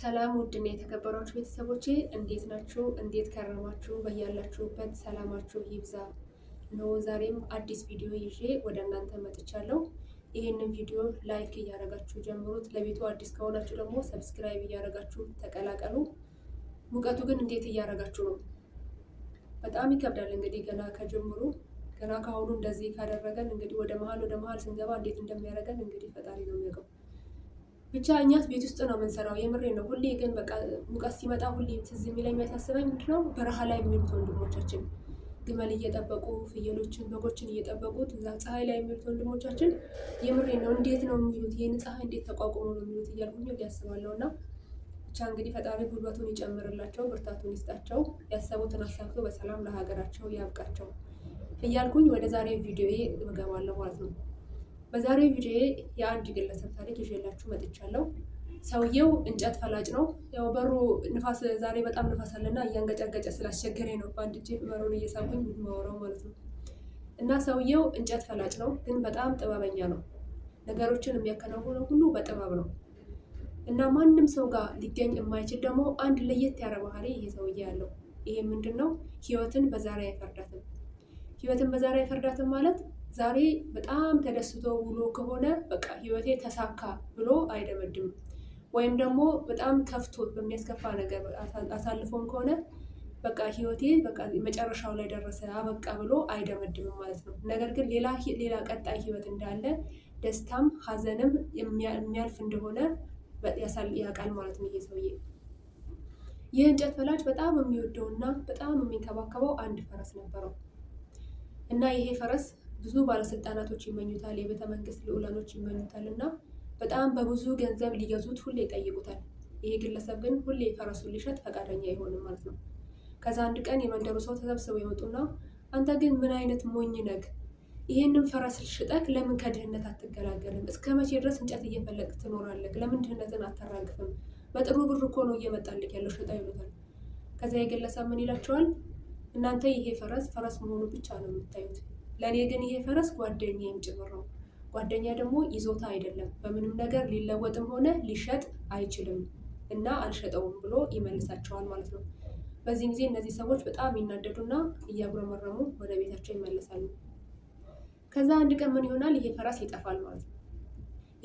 ሰላም ውድና የተከበራችሁ ቤተሰቦች እንዴት ናችሁ? እንዴት ከረማችሁ? በያላችሁበት ሰላማችሁ ይብዛ። ነው ዛሬም አዲስ ቪዲዮ ይዤ ወደ እናንተ መጥቻለሁ። ይህንን ቪዲዮ ላይክ እያደረጋችሁ ጀምሩት። ለቤቱ አዲስ ከሆናችሁ ደግሞ ሰብስክራይብ እያደረጋችሁ ተቀላቀሉ። ሙቀቱ ግን እንዴት እያደረጋችሁ ነው? በጣም ይከብዳል። እንግዲህ ገና ከጀምሩ ገና ከአሁኑ እንደዚህ ካደረገን እንግዲህ ወደ መሀል ወደ መሀል ስንገባ እንዴት እንደሚያደርገን እንግዲህ ፈጣሪ ነው የሚያውቀው። ብቻ እኛት ቤት ውስጥ ነው የምንሰራው። የምሬ ነው። ሁሌ ግን በቃ ሙቀት ሲመጣ ሁሌ ትዝ የሚለኝ የሚያሳስበኝ ምንድነው በረሃ ላይ የሚሉት ወንድሞቻችን ግመል እየጠበቁ ፍየሎችን፣ በጎችን እየጠበቁ እዛ ፀሐይ ላይ የሚሉት ወንድሞቻችን የምሬ ነው። እንዴት ነው የሚሉት? ይህን ፀሐይ እንዴት ተቋቁሞ ነው የሚሉት? እያልኩኝ ያስባለሁ እና ብቻ እንግዲህ ፈጣሪ ጉልበቱን ይጨምርላቸው፣ ብርታቱን ይስጣቸው፣ ያሰቡትን አሳክቶ በሰላም ለሀገራቸው ያብቃቸው እያልኩኝ ወደ ዛሬ ቪዲዮ እገባለሁ ማለት ነው። በዛሬው ቪዲዮ የአንድ ግለሰብ ታሪክ ይዤላችሁ መጥቻለሁ። ሰውየው እንጨት ፈላጭ ነው። ያው በሩ ንፋስ፣ ዛሬ በጣም ንፋስ አለና እያንገጫገጨ ስላስቸገሬ ነው በአንድ እጄ በሩን እየሳቡኝ የማወራው ማለት ነው። እና ሰውየው እንጨት ፈላጭ ነው፣ ግን በጣም ጥበበኛ ነው። ነገሮችን የሚያከናውነው ሁሉ በጥበብ ነው። እና ማንም ሰው ጋር ሊገኝ የማይችል ደግሞ አንድ ለየት ያለ ባህሪ ይሄ ሰውዬ ያለው። ይሄ ምንድን ነው? ህይወትን በዛሬ አይፈርዳትም። ህይወትን በዛሬ አይፈርዳትም ማለት ዛሬ በጣም ተደስቶ ውሎ ከሆነ በቃ ህይወቴ ተሳካ ብሎ አይደመድምም። ወይም ደግሞ በጣም ከፍቶት በሚያስከፋ ነገር አሳልፎም ከሆነ በቃ ህይወቴ በቃ መጨረሻው ላይ ደረሰ አበቃ ብሎ አይደመድምም ማለት ነው። ነገር ግን ሌላ ሌላ ቀጣይ ህይወት እንዳለ ደስታም ሀዘንም የሚያልፍ እንደሆነ ያውቃል ማለት ነው ይሄ ሰውዬ። ይህ እንጨት ፈላጭ በጣም የሚወደውና በጣም የሚንከባከበው አንድ ፈረስ ነበረው እና ይሄ ፈረስ ብዙ ባለስልጣናቶች ይመኙታል፣ የቤተ መንግስት ልዑላኖች ይመኙታል እና በጣም በብዙ ገንዘብ ሊገዙት ሁሌ ይጠይቁታል። ይሄ ግለሰብ ግን ሁሌ ፈረሱን ሊሸጥ ፈቃደኛ አይሆንም ማለት ነው። ከዛ አንድ ቀን የመንደሩ ሰው ተሰብስበው ይወጡና አንተ ግን ምን አይነት ሞኝ ነግ ይህንም ፈረስ ሽጠህ ለምን ከድህነት አትገላገልም? እስከ መቼ ድረስ እንጨት እየፈለቅ ትኖራለህ? ለምን ድህነትን አተራግፍም? በጥሩ ብር እኮ ነው ያለው ሽጣ ይሉታል። ከዚያ የግለሰብ ምን ይላቸዋል? እናንተ ይሄ ፈረስ ፈረስ መሆኑ ብቻ ነው የምታዩት ለእኔ ግን ይሄ ፈረስ ጓደኛዬም ጭምር ነው። ጓደኛ ደግሞ ይዞታ አይደለም፣ በምንም ነገር ሊለወጥም ሆነ ሊሸጥ አይችልም እና አልሸጠውም ብሎ ይመልሳቸዋል ማለት ነው። በዚህ ጊዜ እነዚህ ሰዎች በጣም ይናደዱና እያጉረመረሙ ወደ ቤታቸው ይመለሳሉ። ከዛ አንድ ቀን ምን ይሆናል? ይሄ ፈረስ ይጠፋል ማለት ነው።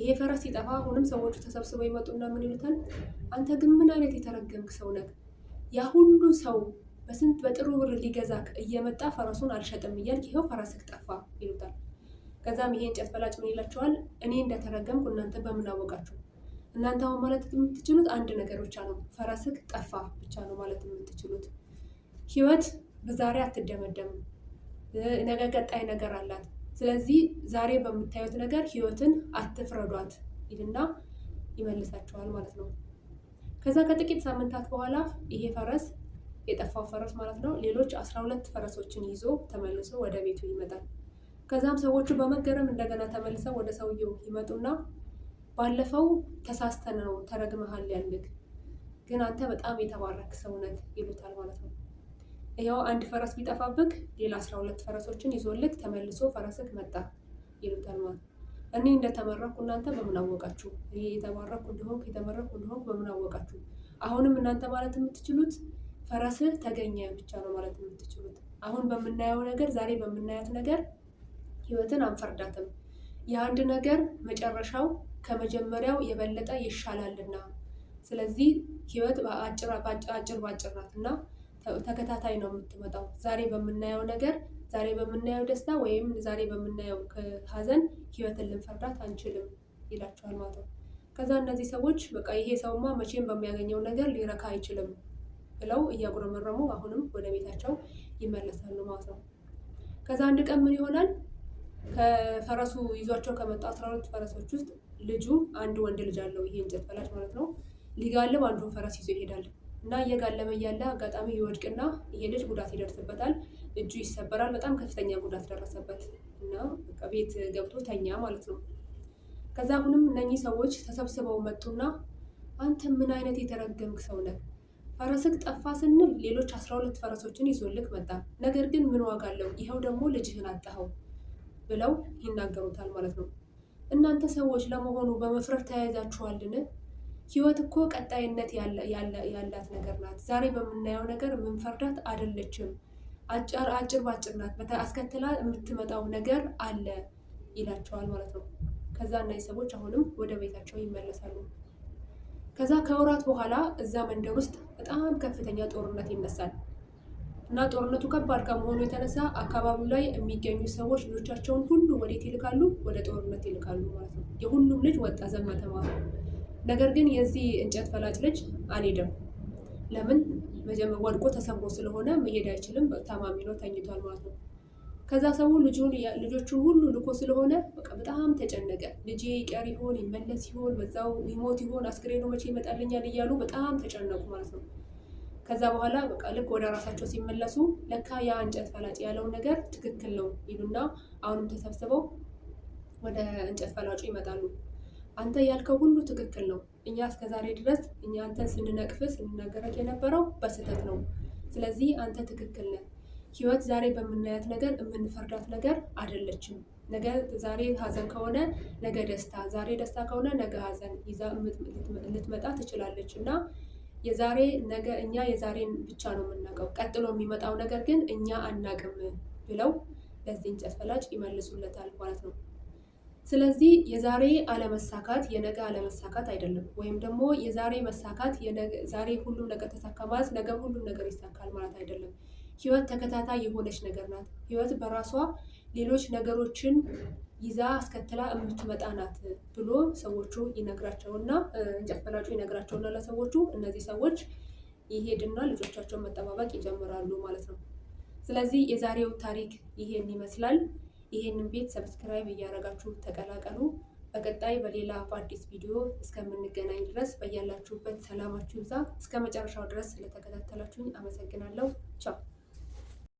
ይሄ ፈረስ ሲጠፋ አሁንም ሰዎቹ ተሰብስበው ይመጡና ምን ይሉታል? አንተ ግን ምን አይነት የተረገምክ ሰው ነህ? ያ ሁሉ ሰው በስንት በጥሩ ብር ሊገዛ እየመጣ ፈረሱን አልሸጥም እያልክ ይኸው ፈረስክ ጠፋ ይሉታል። ከዛም ይሄ እንጨት በላጭ ምን ይላቸዋል? እኔ እንደተረገምኩ እናንተ በምን አወቃችሁ? እናንተ አሁን ማለት የምትችሉት አንድ ነገር ብቻ ነው፣ ፈረስክ ጠፋ ብቻ ነው ማለት የምትችሉት። ህይወት በዛሬ አትደመደምም፣ ነገ ቀጣይ ነገር አላት። ስለዚህ ዛሬ በምታዩት ነገር ህይወትን አትፍረዷት ይልና ይመልሳቸዋል ማለት ነው። ከዛ ከጥቂት ሳምንታት በኋላ ይሄ ፈረስ የጠፋው ፈረስ ማለት ነው። ሌሎች አስራ ሁለት ፈረሶችን ይዞ ተመልሶ ወደ ቤቱ ይመጣል። ከዛም ሰዎቹ በመገረም እንደገና ተመልሰው ወደ ሰውየው ይመጡና ባለፈው ተሳስተ ነው ተረግመሃል ያልክ፣ ግን አንተ በጣም የተባረክ ሰውነት ይሉታል ማለት ነው። ይኸው አንድ ፈረስ ቢጠፋብክ ሌላ አስራ ሁለት ፈረሶችን ይዞልክ ተመልሶ ፈረስክ መጣ ይሉታል ማለት እኔ እንደተመረኩ እናንተ በምን አወቃችሁ? እኔ የተባረኩ እንደሆንኩ የተመረኩ እንደሆንኩ በምን አወቃችሁ? አሁንም እናንተ ማለት የምትችሉት ፈረስህ ተገኘ ብቻ ነው ማለት የምትችሉት። አሁን በምናየው ነገር፣ ዛሬ በምናያት ነገር ህይወትን አንፈርዳትም። የአንድ ነገር መጨረሻው ከመጀመሪያው የበለጠ ይሻላልና። ስለዚህ ህይወት በአጭር በአጭር ናት እና ተከታታይ ነው የምትመጣው። ዛሬ በምናየው ነገር፣ ዛሬ በምናየው ደስታ ወይም ዛሬ በምናየው ሀዘን ህይወትን ልንፈርዳት አንችልም ይላቸዋል ማለት ነው። ከዛ እነዚህ ሰዎች በቃ ይሄ ሰውማ መቼም በሚያገኘው ነገር ሊረካ አይችልም ብለው እያጉረመረሙ አሁንም ወደ ቤታቸው ይመለሳሉ ማለት ነው። ከዛ አንድ ቀን ምን ይሆናል? ከፈረሱ ይዟቸው ከመጣ አስራ ሁለት ፈረሶች ውስጥ ልጁ አንድ ወንድ ልጅ አለው። ይሄ እንጨት ፈላጭ ማለት ነው። ሊጋልብ አንዱን ፈረስ ይዞ ይሄዳል እና እየጋለመ እያለ አጋጣሚ ይወድቅና ይሄ ልጅ ጉዳት ይደርስበታል። እጁ ይሰበራል። በጣም ከፍተኛ ጉዳት ደረሰበት እና ቤት ገብቶ ተኛ ማለት ነው። ከዛ አሁንም እነኚህ ሰዎች ተሰብስበው መጡና አንተ ምን አይነት የተረገምክ ሰው ነህ ፈረስህ ጠፋ ስንል ሌሎች አስራ ሁለት ፈረሶችን ይዞልክ መጣ። ነገር ግን ምን ዋጋ አለው? ይኸው ደግሞ ልጅህን አጣኸው ብለው ይናገሩታል ማለት ነው። እናንተ ሰዎች ለመሆኑ በመፍረር ተያይዛችኋልን? ህይወት እኮ ቀጣይነት ያላት ነገር ናት። ዛሬ በምናየው ነገር ምንፈርዳት አይደለችም። አጭር ባጭር ናት። አስከትላ የምትመጣው ነገር አለ ይላቸዋል ማለት ነው። ከዛ እነዚህ ሰዎች አሁንም ወደ ቤታቸው ይመለሳሉ። ከዛ ከወራት በኋላ እዛ መንደር ውስጥ በጣም ከፍተኛ ጦርነት ይነሳል እና ጦርነቱ ከባድ ከመሆኑ የተነሳ አካባቢው ላይ የሚገኙ ሰዎች ልጆቻቸውን ሁሉ ወዴት ይልካሉ? ወደ ጦርነት ይልካሉ ማለት ነው። የሁሉም ልጅ ወጣ ዘመተ ማለት ነው። ነገር ግን የዚህ እንጨት ፈላጭ ልጅ አልሄደም። ለምን? ወድቆ ተሰብሮ ስለሆነ መሄድ አይችልም። ታማሚ ነው፣ ተኝቷል ማለት ነው። ከዛ ሰው ልጁን ልጆቹን ሁሉ ልኮ ስለሆነ በቃ በጣም ተጨነቀ። ልጄ ይቀር ይሆን ይመለስ ይሆን በዛው ይሞት ይሆን አስክሬኑ መቼ ይመጣልኛል እያሉ በጣም ተጨነቁ ማለት ነው። ከዛ በኋላ በቃ ልክ ወደ ራሳቸው ሲመለሱ ለካ ያ እንጨት ፈላጭ ያለው ነገር ትክክል ነው ይሉና አሁንም ተሰብስበው ወደ እንጨት ፈላጩ ይመጣሉ። አንተ ያልከው ሁሉ ትክክል ነው። እኛ እስከዛሬ ድረስ እኛ አንተን ስንነቅፍ ስንናገረት የነበረው በስህተት ነው። ስለዚህ አንተ ትክክል ነህ ህይወት ዛሬ በምናያት ነገር የምንፈርዳት ነገር አይደለችም። ነገ ዛሬ ሀዘን ከሆነ ነገ ደስታ፣ ዛሬ ደስታ ከሆነ ነገ ሀዘን ይዛ ልትመጣ ትችላለች እና የዛሬ ነገ እኛ የዛሬን ብቻ ነው የምናውቀው፣ ቀጥሎ የሚመጣው ነገር ግን እኛ አናቅም ብለው ለዚህ እንጨት ፈላጭ ይመልሱለታል ማለት ነው። ስለዚህ የዛሬ አለመሳካት የነገ አለመሳካት አይደለም፣ ወይም ደግሞ የዛሬ መሳካት ዛሬ ሁሉም ነገር ተሳካ ማለት ነገ ሁሉም ነገር ይሳካል ማለት አይደለም። ህይወት ተከታታይ የሆነች ነገር ናት። ህይወት በራሷ ሌሎች ነገሮችን ይዛ አስከትላ የምትመጣ ናት ብሎ ሰዎቹ ይነግራቸውና እንጨት በላጩ ይነግራቸውና ለሰዎቹ እነዚህ ሰዎች ይሄድና ልጆቻቸውን መጠባበቅ ይጀምራሉ ማለት ነው። ስለዚህ የዛሬው ታሪክ ይሄን ይመስላል። ይሄንን ቤት ሰብስክራይብ እያደረጋችሁ ተቀላቀሉ። በቀጣይ በሌላ በአዲስ ቪዲዮ እስከምንገናኝ ድረስ በያላችሁበት ሰላማችሁ ይብዛ። እስከ መጨረሻው ድረስ ስለተከታተላችሁኝ አመሰግናለሁ። ቻው